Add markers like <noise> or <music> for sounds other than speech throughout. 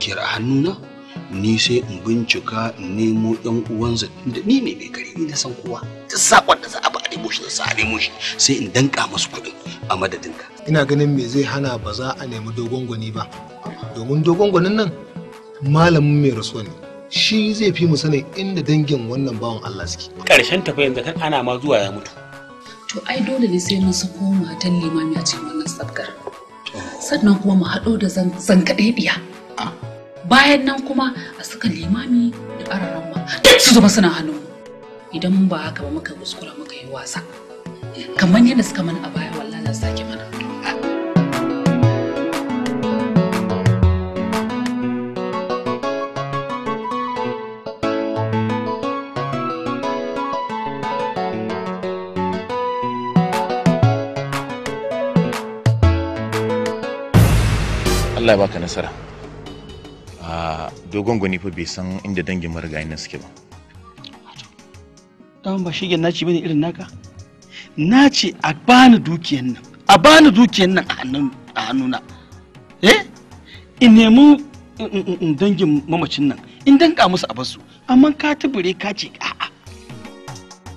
dukiyar a hannuna ni sai in bincika in nemo yan uwansa da ni ne mai gari ni na san kowa ta sakon da za a ba a nemo shi da a nemo shi sai in danka masu kuɗin a madadinka ina ganin me zai hana ba za a nemi dogon gwani ba domin dogon gwanin nan malamin mai rasuwa ne shi zai fi mu sanin inda dangin wannan bawan Allah suke karshen tafi yanzu kan ana ma zuwa ya mutu to ai dole ne sai mun sako matan limami a cikin wannan sabgar sannan kuma mu haɗo da zan kaɗaiɗiya bayan nan kuma a saka limami da ararama duk su zama suna hannu idan ba haka ba muka kuskura muka yi wasa kamar yadda suka mana a baya wallahi za su sake mana Allah ya baka nasara. a dogon gwani fa bai san inda dangin marigayi na suke ba dama ba shige ce bane irin naka ce a bani dukiyan nan a bani dukiyan nan a hannuna eh in nemi dangin mamacin nan in danka musu a basu amma ka tubure ka ce a'a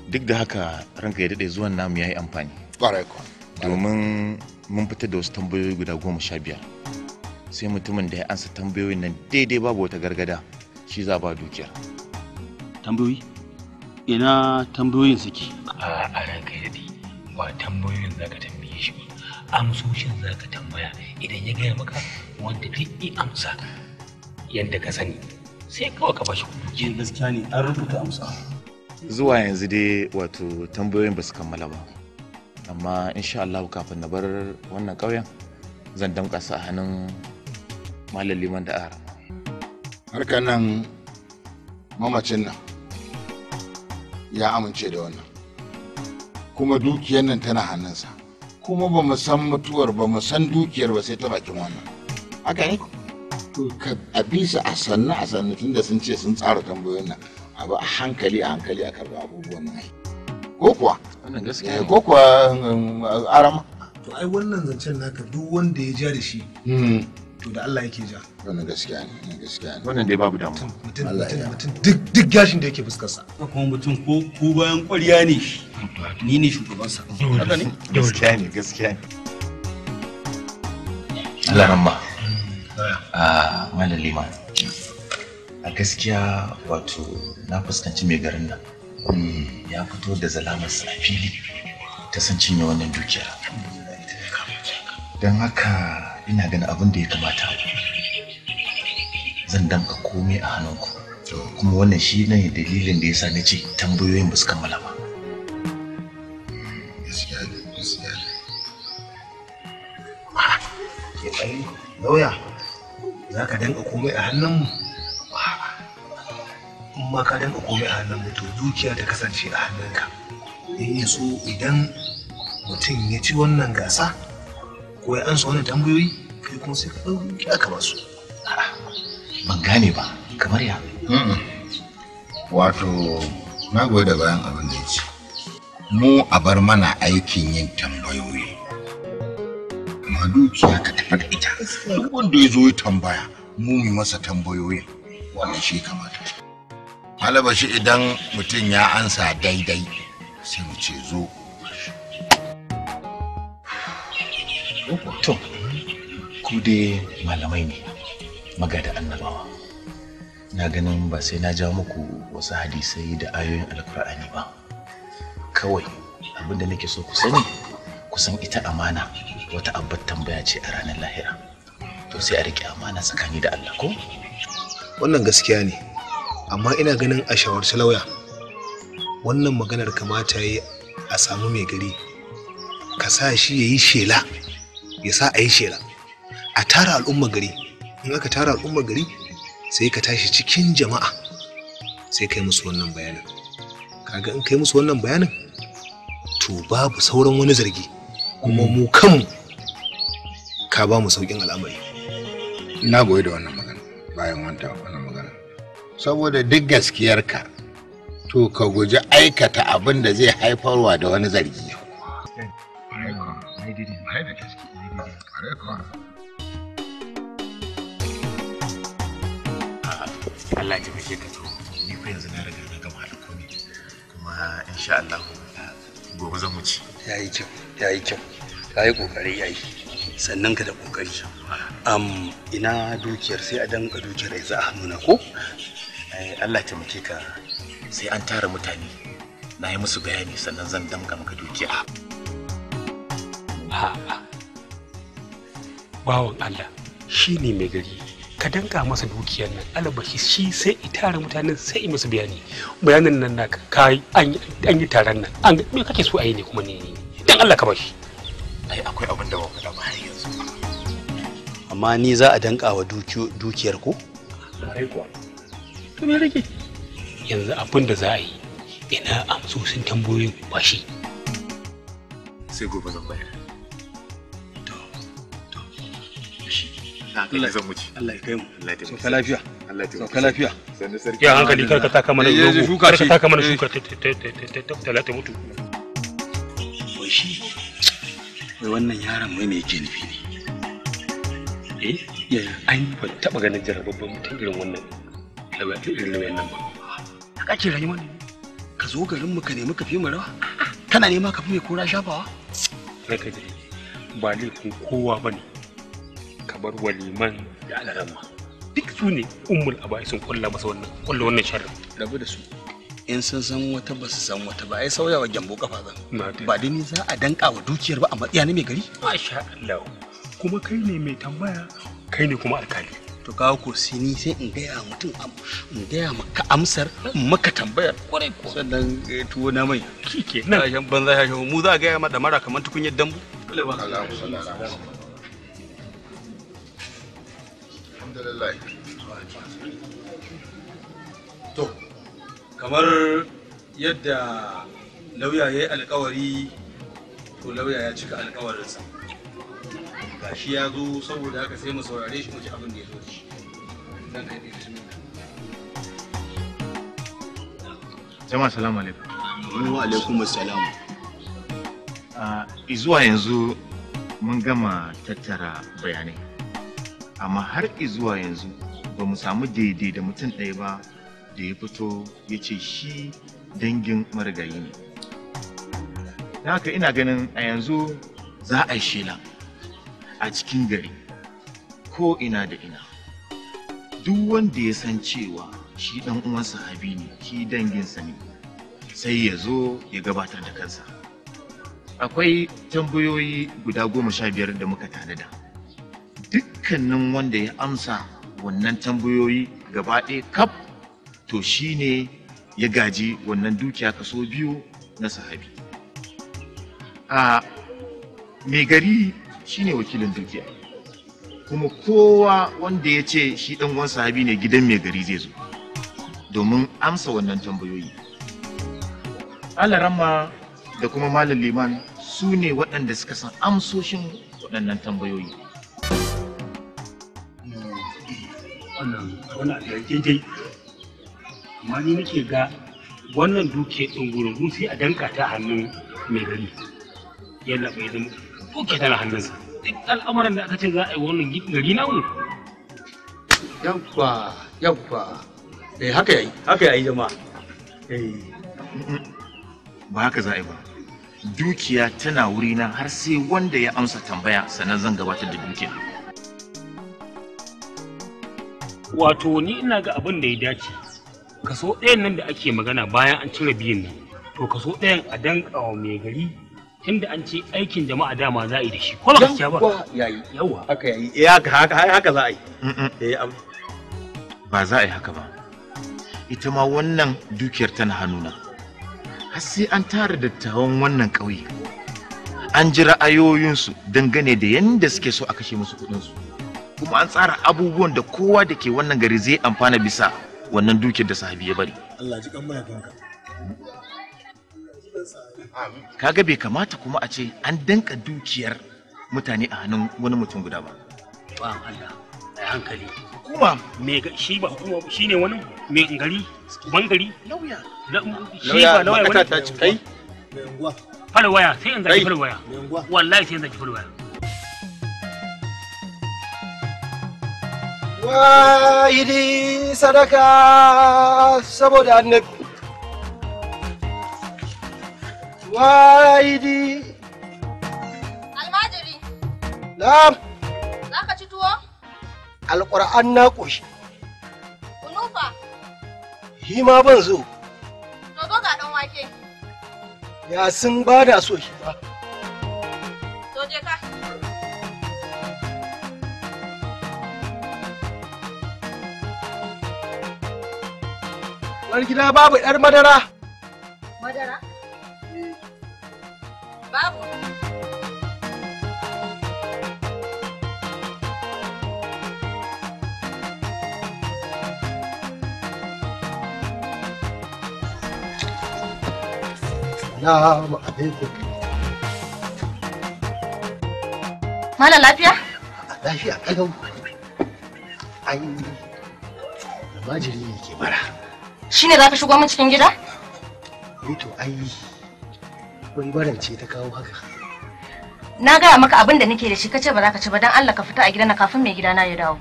duk da haka ranka ya daɗe zuwan namu ya yi amfani domin mun fitar da wasu tambayoyi guda goma sha biyar sai mutumin da ya ansa tambayoyin nan daidai babu wata gargada shi za ba dukiyar tambayoyi ina tambayoyin suke a ranka yadi ba tambayoyin za ka tambaye shi ba amsoshin za ka tambaya idan ya gaya maka wanda duk i amsa yadda ka sani sai kawai ka bashi Yin gaskiya ne an rubuta amsa zuwa yanzu dai wato tambayoyin ba su kammala ba amma insha Allah kafin na bar wannan ƙauyen zan damƙasa hannun malam liman da ara harkar nan mamacin nan ya amince da wannan kuma dukiyar nan tana hannunsa kuma ba mu san mutuwar ba mu san dukiyar ba sai ta bakin wannan haka ne to ka a bisa a sannu a sannu tunda sun ce sun tsara tambayoyin nan a ba a hankali a hankali a karɓi abubuwan nan ko kuwa wannan gaskiya eh, ko kuwa um, um, arama to ai wannan zancen naka duk wanda ya ja da shi hmm. to da Allah yake ja wannan gaskiya ne gaskiya ne wannan dai babu damu. mutum mutum mutum duk duk gashin da yake fuskar sa kuma mutum ko ko bayan ƙwarya ne ni ne shugaban sa haka ne gaskiya ne gaskiya ne Allah ramma a ah, mallan liman a gaskiya wato na fuskanci mai garin nan hmm, ya fito da zalamarsa a fili ta san cinye wannan dukiya. don haka ina ganin abin da ya kamata zan danka komai a hannunku kuma wannan shi ne dalilin da ya sa na ce tambayoyin ba su kammala ba ah, lauya za ka danka komai a hannunmu ah, in ma ka danka komai a hannunmu to dukiya ta kasance a hannunka in eh, ya so idan mutum ya ci wannan gasa ko ya ansa wani tambayoyi kai kuma sai ɗauki aka ba su ban gane ba kamar ya wato na goyi da bayan abin da ya ce mu a bar mana aikin yin tambayoyi amma dukiya ka tafi da ita duk wanda ya zo ya tambaya mu mu masa tambayoyin wannan shi kamata halaba shi idan mutum ya ansa daidai sai mu ce zo to ku dai malamai ne magada annabawa na ganin ba sai na ja muku wasu hadisai da ayoyin alkur'ani ba kawai abin da nake so ku sani kusan ita amana wata abbar tambaya ce a ranar lahira to sai a riƙe amana tsakani da Allah ko wannan gaskiya ne amma ina ganin a shawarci lauya wannan maganar kamata yi a samu mai gari ka sa shi ya yi shela ya sa a yi shera, a tara al'umma gari in aka tara al'umma gari sai ka tashi cikin jama'a sai kai musu wannan bayanin kaga in kai musu wannan bayanin to babu sauran wani zargi kuma mu kanmu ka ba mu saukin al'amari na goyi da wannan magana bayan wanta wannan magana saboda duk gaskiyarka to ka guji aikata abin da zai haifarwa da wani zargi Very good. Allah ya taimake ka to ni fa yanzu na riga na gama da komai kuma insha Allah gobe zan wuce yayi kyau yayi kyau yayi kokari yayi sannan ka da kokari am ina dukiyar sai a danka dukiyar yanzu a hannuna ko eh, Allah ya taimake ka sai an tara mutane na yi musu bayani sannan zan damga maka dukiya ha bawan Allah shi ne mai gari ka danka masa dukiyar nan alabashi shi sai i tara mutanen sai i musu bayani bayanin nan na kai an yi taron nan an me kake so a yi ne kuma ne dan Allah ka bashi ai akwai abin da ba ba har yanzu amma ni za a danka wa dukiyar ko to me rage yanzu abin da za a yi ina amsosin tambayoyin bashi sai gobe zan bayar Allah kai mu. Allah ya kai mu sauka lafiya sauka lafiya hankali karka ta kama na rogo eh, karka ta kama na shuka eh. ta mutu wai shi wai wannan yaron mai me yake nufi ne eh an ban taba ganin jarababban mutum irin wannan irin lauyan nan ba haka ce rayuwa ne ka zo garin mu ka nemi ka fi mu rawa kana nema ka fi mai kora shafawa kai ka ba laifin kowa bane bar waliman da alarama duk su ne ummul abai sun kulla masa wannan kulla wannan sharri rabu da su in sun san wata ba su san wata ba ai sauyawa gyambo kafa zan ba dani za a danka wa dukiyar ba a matsaya na mai gari masha Allah kuma kai ne mai tambaya kai ne kuma alkali to kawo ko sini sai in gaya mutum in gaya maka amsar maka tambaya kwarai ko sannan eh, tuwo na mai kike nan banza ya mu za a gaya ma da mara kamar tukunyar dambu Allah ba alhamdulillah to kamar yadda lauya ya yi alkawari to lauya ya cika alkawarinsa gashi ya zo saboda haka sai mu saurare shi mu ji abin da ya zo da shi kai jama'a salamu alaikum wa alaikum assalam ah, zuwa yanzu mun gama tattara bayanai amma har zuwa yanzu ba mu samu daidai da mutum ɗaya ba da ya fito ya ce shi dangin marigayi ne haka ina ganin a yanzu za a yi shela a cikin gari ko ina da ina duk wanda ya san cewa shi ɗan uwansa habi ne shi danginsa ne sai ya zo ya gabatar da kansa akwai tambayoyi guda goma sha biyar da muka tanada. da dukkanin wanda ya amsa wannan tambayoyi gaba ɗaya kaf to shine ya gaji wannan dukiya kaso biyu na sahabi a mai gari shine wakilin dukiya kuma kowa wanda ya ce shi ɗan uwan sahabi ne gidan mai gari zai zo domin amsa wannan tambayoyi alarama da kuma malam liman su ne waɗanda suka san amsoshin waɗannan tambayoyi wannan wannan abin daidai amma ni nake ga wannan duke ɗungurungun sai a danka ta hannun mai gari yadda bai zama duke tana hannunsa duk al'amuran da aka ce za a yi wannan gari namu yabba yabba eh haka yayi haka yayi jama'a eh ba haka za a yi ba dukiya tana wurina har sai wanda ya amsa tambaya sannan zan gabatar da dukiya wato ni ina ga abin da ya dace kaso ɗayan nan da ake magana bayan an cire biyan nan to kaso ɗayan a danka wa mai gari tunda an ce aikin jama'a dama za a yi da shi ko ba gaskiya ba yayi haka yayi eh haka haka za a yi eh, ba za a yi haka ba ita ma wannan dukiyar tana hannuna har sai an tara dattawan wannan ƙauye an ji ra'ayoyinsu dangane da yadda suke so a kashe musu kuɗinsu. su kuma an tsara abubuwan da kowa da ke wannan gari zai amfana bisa wannan dukiyar da sahabi ya bari Allah ji kan mayafanka kaga bai kamata kuma a ce an danka dukiyar mutane a hannun wani mutum guda ba ba Allah ai hankali kuma me shi ba kuma shine wani me gari ban gari lauya shi ba lauya wani ci kai falwaya sai in zaki falwaya wallahi sai in zaki falwaya wahidi sadaka saboda annabi wahidi almajiri na'am za ka ci tuwo alƙur'an na ƙoshi kunufa shi ma ban zo to zo ga ɗan wake ya sun ba da so shi ba to je ka Uwar gida babu ɗar madara. Madara? Hmm. Babu. Salamu alaikum. Mala lafiya? Lafiya kalau. Ai, majiri ne ke mara. shine zaka shigo min cikin gida ni eh to ai wai barin ce ta kawo haka na gaya maka abin da nake da shi kace ba za ka ci ba dan Allah ka fita a gidan na kafin mai gidana ya dawo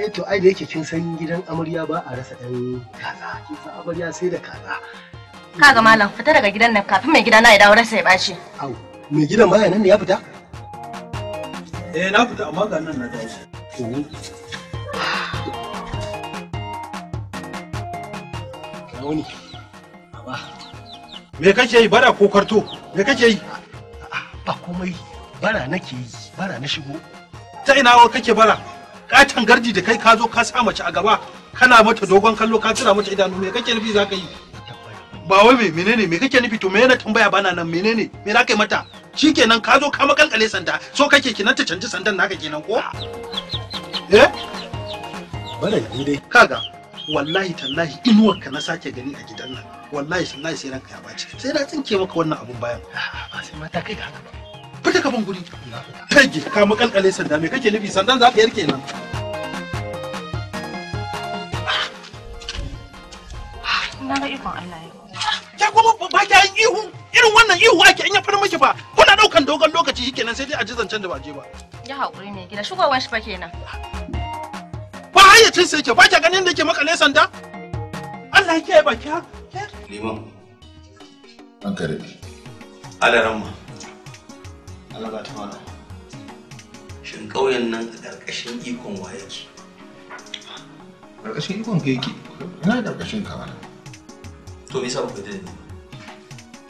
eh to ai da yake kin san gidan amarya ba a rasa dan kaza kin san amarya sai da kaza kaga malam fita daga gidan nan kafin mai gidana ya dawo rasa ya bace au mai gidan baya nan ne ya fita eh na fita amma ga nan na dawo wuni me kake yi bara ko kwarto me kake yi ba komai bara nake yi bara na shigo ta ina wa kake bara katan garji da kai ka zo ka sa mace a gaba kana mata dogon kallo ka tura mata idanu me kake nufi zaka yi ba wai me menene me kake nufi to me yana tambaya bana nan menene me za kai mata shikenan ka zo ka makalkale sanda so kake kinan ta canji sandan naka kenan ko eh bara ni dai kaga wallahi tallahi inuwar ka na sake gani a gidan nan wallahi sallahi sai ranka ya baci sai na tsinke maka wannan abun bayan ba sai mata kai ga haka fita ka ban guri tage ka makalkale sanda me kake nufi sandan za ka yarke nan na ga ikon Allah ya ya kuma ba ka yin ihu irin wannan ihu ake in ya fara miki ba kuna daukan dogon lokaci shikenan sai dai a ji zancen da ba je ba ya haƙuri ne gida shugaban shi fa kenan cin sai ke ba ki ganin da yake makale sanda Allah yake ba ha liman an kare ala ramma Ala ba ta mana shin ƙauyen nan a ƙarƙashin ikon waye ki ƙarƙashin ikon ke yake ina ƙarƙashin ka mana to bisa yasa ba da ni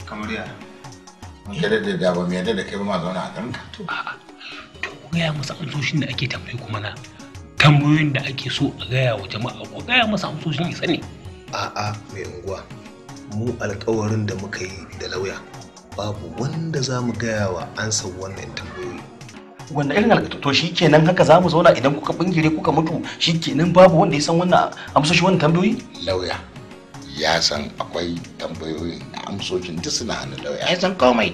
kamar ya mun yadda da da ba mu yadda da kai ba ma zauna a ɗanka to a'a to ku gaya musu amsoshin da ake tambaye kuma na tambayoyin da ake so a gaya wa jama'a ko gaya masa amsoshin isa ne a'a mai unguwa mu alkawarin da muka yi da lauya babu wanda za mu gaya wa ansa wannan tambayoyi wanda irin alƙato shi kenan haka za mu zauna idan kuka bingire kuka mutu shi kenan babu wanda ya san wannan amsoshi wannan tambayoyi lauya ya san akwai tambayoyin na amsoshin duk suna hannun lauya ya san komai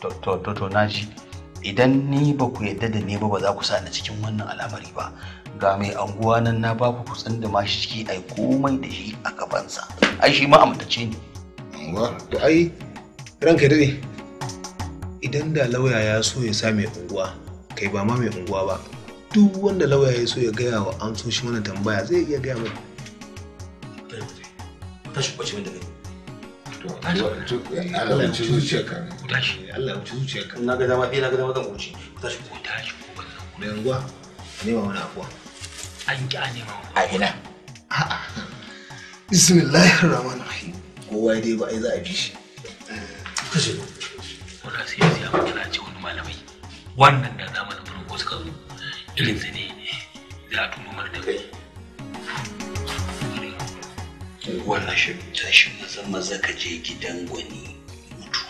to to to na ji idan ni ba ku yadda da ni ba ba za ku sa ni cikin wannan al'amari ba ga mai anguwa nan na ba ku kusan da ma shi ciki ai komai da shi a gabansa ai shi ma amintace ne anguwa to ai ranka dade idan da lauya ya so ya sa mai unguwa kai ba ma mai unguwa ba duk wanda lauya ya so ya gaya wa amsoshin wannan tambaya zai iya gaya mai tashi kwace wanda kai to Allah ya ci zuciyarka ku tashi Allah ya zuciyarka na ga dama eh ga dama zan wuce tashi ko tashi ko ban ku da ruwa nema wani afuwa an ki an nema a ina a'a bismillahir rahmanir rahim kowa dai ba ai za a bi shi ko ku kuna sai sai a kira ce wani malamai wannan da zamanin farko suka zo irin sa ne za a tuma mana da kai unguwar Rashidu tashi maza maza ka je gidan gwani mutu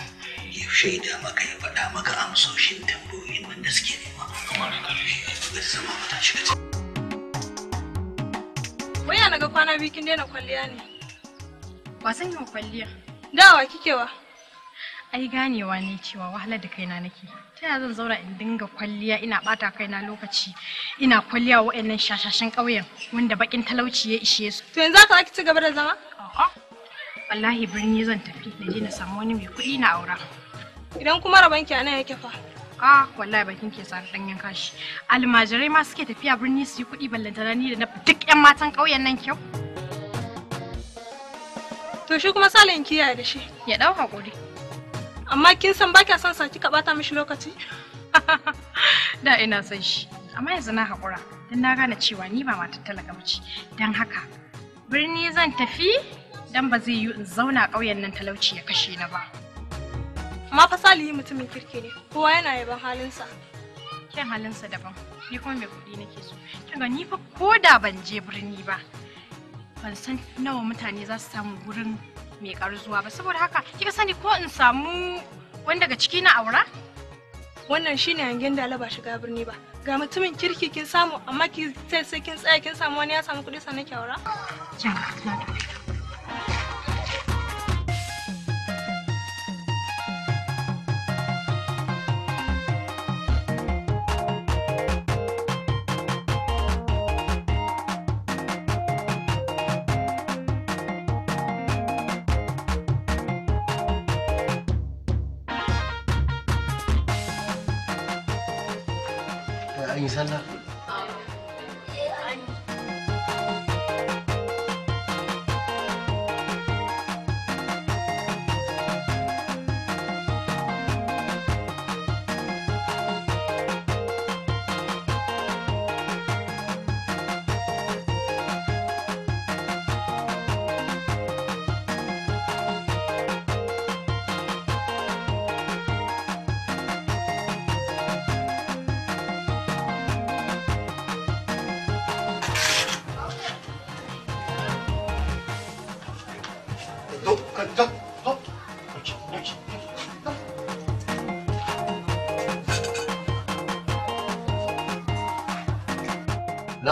ya shaida maka ya faɗa maka amsoshin tambayoyin nan da suke nema. Kamar da karfi. Ga zama mata tashi ka Waya na ga kwana biyu kin daina kwalliya ne. Ba san yin kwalliya. Dawa kike wa? ai ganewa ne cewa wahalar da kaina nake ta yaya zan zauna in dinga kwalliya ina bata kaina lokaci ina kwalliya wa wa'annan shashashan ƙauyen wanda bakin talauci ya ishe su to yanzu za ka ci gaba da zama a'a wallahi birni zan tafi na je na samu wani mai kuɗi na aura idan kuma raban ki ana yake fa a wallahi bakin ke sani dan kashi, almajirai ma suke tafiya birni su yi kuɗi ballantana ni da na duk yan matan ƙauyen nan kyau to shi kuma salin kiyaye da shi ya dau hakuri amma kin san ba son sa kika bata mishi lokaci <laughs> da ina son shi amma yanzu na hakura. don na gane cewa ni ba matar talaka mace don haka birni zan tafi don ba zai yi in zauna ƙauyen nan talauci ya kashe na ba amma fa salihi mutumin kirki ne kowa yana yaban halinsa kyan halinsa daban ni kuma mai kuɗi nake so kin ni fa ko da ban je birni ba ban san nawa mutane za su samu gurin mai zuwa ba saboda haka kika sani ko in samu wani daga ciki na aura wannan shine hangen da ba shiga birni ba ga mutumin kirki kin samu amma ki sai sai kin tsaya kin samu wani ya samu kuɗi sannan ki aura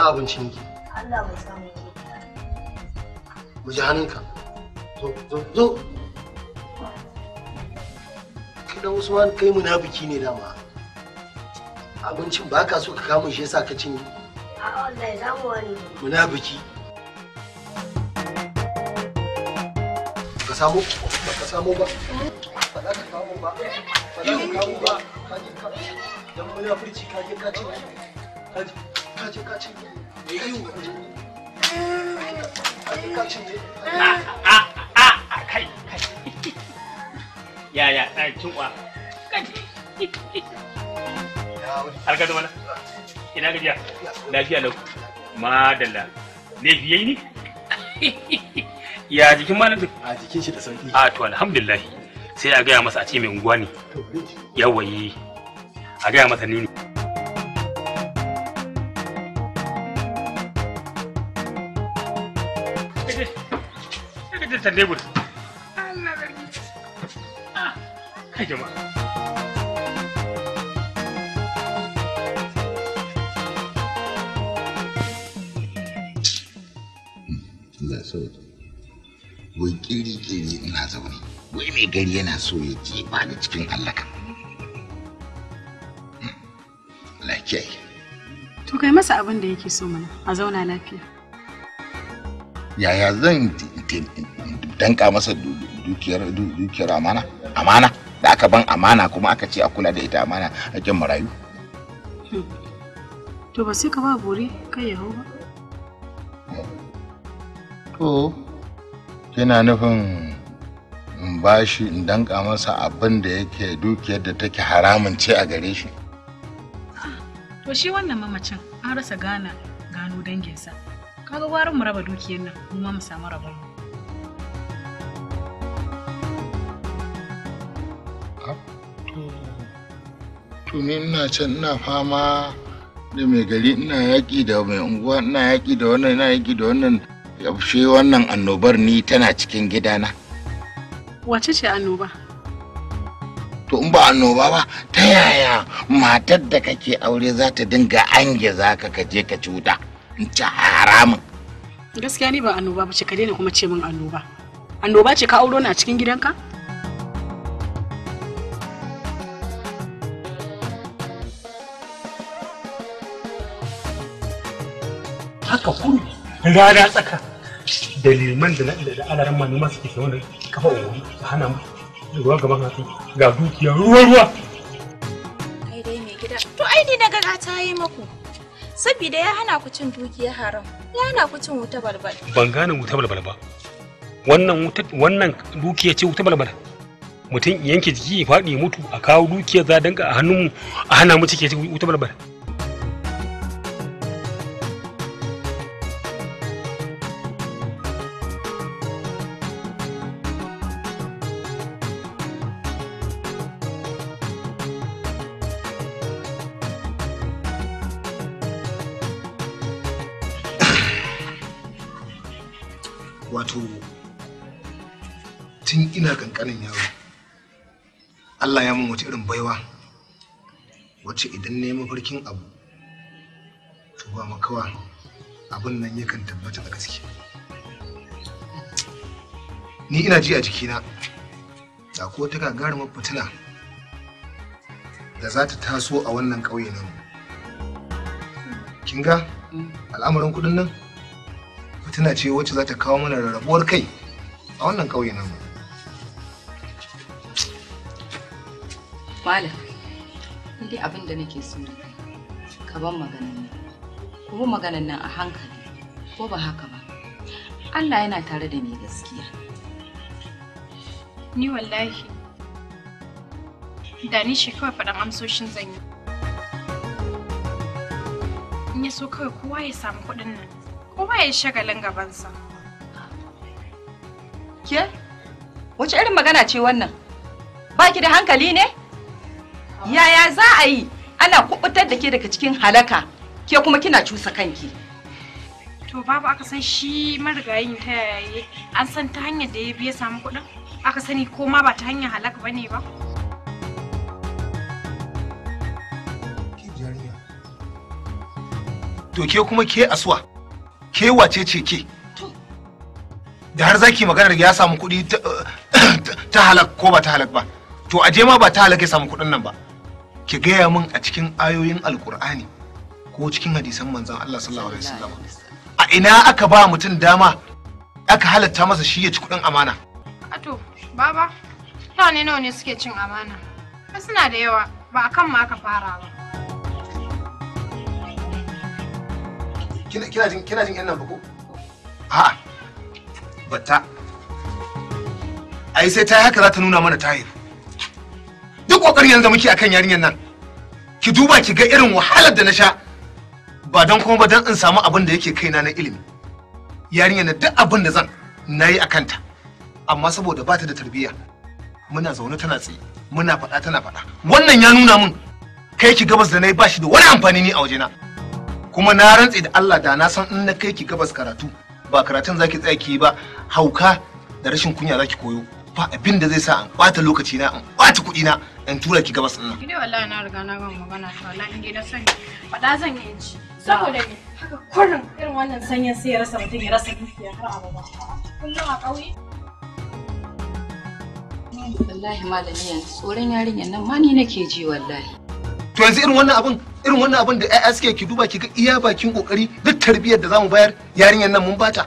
abincin ki. Allah bai samu Mu ji hannunka. Zo, zo, zo. Kada Usman kai munafiki ne dama. Abincin ba ka so ka kama shi yasa ka cinye. A'a wallahi zamu wani. Munafiki. Ka samu ba ka samu ba. Ba za ka samu ba. Ba za ka samu ba. Ka je ka. Dan munafurci ka je ka cinye. Ka je. ka je ka cinye me yi wa ka cinye ya ya lafiya ne <laughs> ya jikin malamin a jikin shi da sauki a ah, to alhamdulillah sai a gaya masa a ce mai unguwa ne eh. a gaya masa ni katon lebur Allah zargi ah, kai wai kiri-kiri ina zaune wai mai gari yana so ya jefa da cikin allaka hmm. lafiya to kai masa abin da yake so mana a zauna lafiya yaya zan danka masa dukiyar dukiyar amana amana da aka ban amana kuma aka ce a kula da ita amana a hakkin marayu to ba sai ka ba bori kai ya ba to kina nufin in ba shi in danka masa abin da yake dukiyar da take haramun ce a gare shi to shi wannan mamacin an rasa gana gano danginsa kaga warin mu raba dukiyar nan mu ma mu samu rabon mu tuni ina can ina fama da mai gari ina yaƙi da mai unguwa ina yaƙi da wannan ina yaƙi da wannan yaushe wannan annobar ni tana cikin gidana wace ce annoba to in ba annoba ba ta yaya matar da kake aure za ta dinga ange za ka kaje ka cuta in ci haramun gaskiya ni ba annoba ba ce ka daina kuma ce min annoba annoba ce ka auro na cikin gidanka rana tsaka da da da alaran manu masu ke wanda kafa uwa ta hana mu ruwa gaban hatsi ga dukiya ruwa ruwa kai dai mai gida to ai ni na gaga ta yi maku saboda ya hana ku cin dukiya haram ya hana ku cin wuta balbal ban gane wuta balbal ba wannan wuta wannan dukiya ce wuta balbal mutum yanke jiki ya faɗi mutu a kawo dukiyar za a hannun mu a hana mu cike wuta balbal baiwa wacce idan na yi abu to ba makawa abin nan yakan tabbata a gaske ni ina ji a jikina ta ko ta gagarumar fitina da za ta taso a wannan ƙauye nan kin ga al'amarin kuɗin nan fitina ce wacce za ta kawo mana rarrabuwar kai a wannan ƙauye nan Malam, ni dai abin da nake so da kai, ka ban maganan nan. Ko maganan nan a hankali, ko ba haka ba. Allah yana tare da ni gaskiya. Ni wallahi, da ni shi kawai faɗin amsoshin zan yi. In ya so kawai kowa ya samu kuɗin nan, kowa ya shagalin gabansa. Ke? Wace irin magana ce wannan? Ba ki da hankali ne? yaya za a yi ana kubutar da ke daga cikin halaka ke kuma kina cusa kanki to babu aka san shi marigayin ta yaye an san ta hanyar da ya biya samu kuɗin aka sani ko ma ba ta hanyar halaka bane ba to ke kuma ke asuwa ke wace ce ke da har zaki maganar ya samu kuɗi ta halak ko ba ta halak ba to aje ma ba ta halak ya samu kuɗin nan ba ki gaya min a cikin ayoyin alkur'ani ko cikin hadisan manzon Allah sallallahu alaihi wasallam a ina aka ba mutum dama aka halatta masa shi ya ci kuɗin amana ato baba mutane ne nawa ne suke cin amana suna da yawa ba akan ma aka fara ba kina kina jin kina jin yan nan ba ko a'a batta ai sai ta haka za ta nuna mana tayi kokarin yanzu muke akan yarinyar nan ki duba ki ga irin wahalar da na sha ba don kuma ba don in samu abin da yake kaina na ilimi yarinyar na duk abin da zan na yi a kanta amma saboda ba ta da tarbiyya muna zaune tana tsaye muna faɗa tana faɗa wannan ya nuna min kai ki gabas da na yi ba shi da wani amfani ni a na kuma na rantse da Allah da na san in na kai ki gabas karatu ba karatun zaki tsaya ki yi ba hauka da rashin kunya zaki koyo ba abin da zai sa an ɓata lokaci na an ɓata kuɗi na in tura ki gabas ɗin nan. Ni wallahi na riga na gama magana to wallahi in na sani faɗa zan yi in ci. Saboda ni haka kurin irin wannan sanyin sai ya rasa mutum ya rasa dukiya har abada. Kullum a ƙauye. Wallahi malami yanzu tsoron yarinyar nan ma ni nake ji wallahi. To yanzu irin wannan abin irin wannan abin da ƴaƴa suke ki duba ki ga iya bakin kokari duk tarbiyyar da zamu bayar yarinyar nan mun bata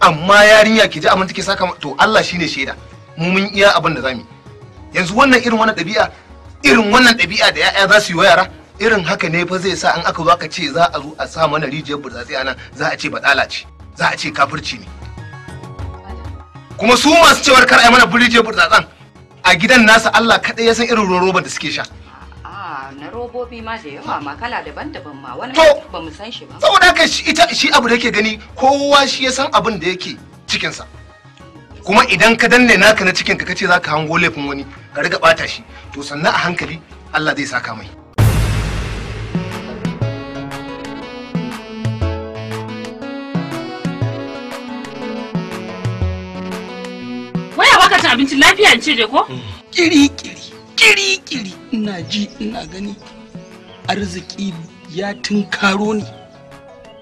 amma yarinya ki ji abin take saka to Allah shine shaida mu mun iya abin da zamu yanzu wannan irin wannan ɗabi'a irin wannan ɗabi'a da ya'ya za su yi wa yara irin haka ne fa zai sa an aka zo aka ce za a zo a sa mana rijiyar burtsatsi a nan za a ce badala ce za a ce kafirci ne kuma su masu cewar kar a mana rijiyar burtsatsan a gidan nasa Allah kaɗai ya san irin roban da suke sha na robobi ma da ma kala daban-daban ma wani ba mu san shi ba saboda haka shi shi abu da yake gani kowa shi ya san abin da yake cikinsa kuma idan ka danne naka na cikin ka kace za ka hango laifin wani ka riga bata shi to sannan a hankali Allah zai saka mai waya baka cin abincin lafiya ce je ko kiri kiri kiri kiri ina ji ina gani arziki ya tunkaro ni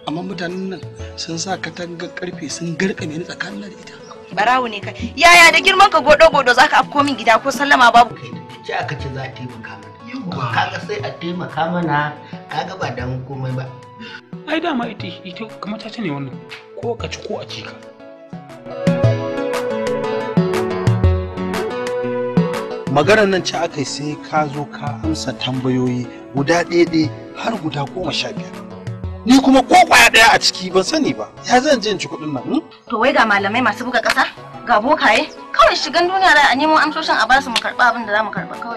amma mutanen nan sun sa katanga karfe sun garkame ni tsakanin da ita barawo ne kai yaya da girman ka godo godo zaka afko min gida ko sallama babu kai ce aka ce za a taimaka mana kaga sai a taimaka mana kaga ba dan komai ba ai dama ita ita kamar ta ce ne wannan ko ka ci ko a ci ka maganar nan ce aka sai ka zo ka amsa tambayoyi guda ɗaya har guda goma sha biyar ni kuma ko kwaya daya a ciki ban sani ba ya zan je in ci kuɗin nan hmm? to wai ga malamai masu buga kasa ga bokaye kawai shigan duniya da a nemo amsoshin a basu mu karba abin da za mu karɓa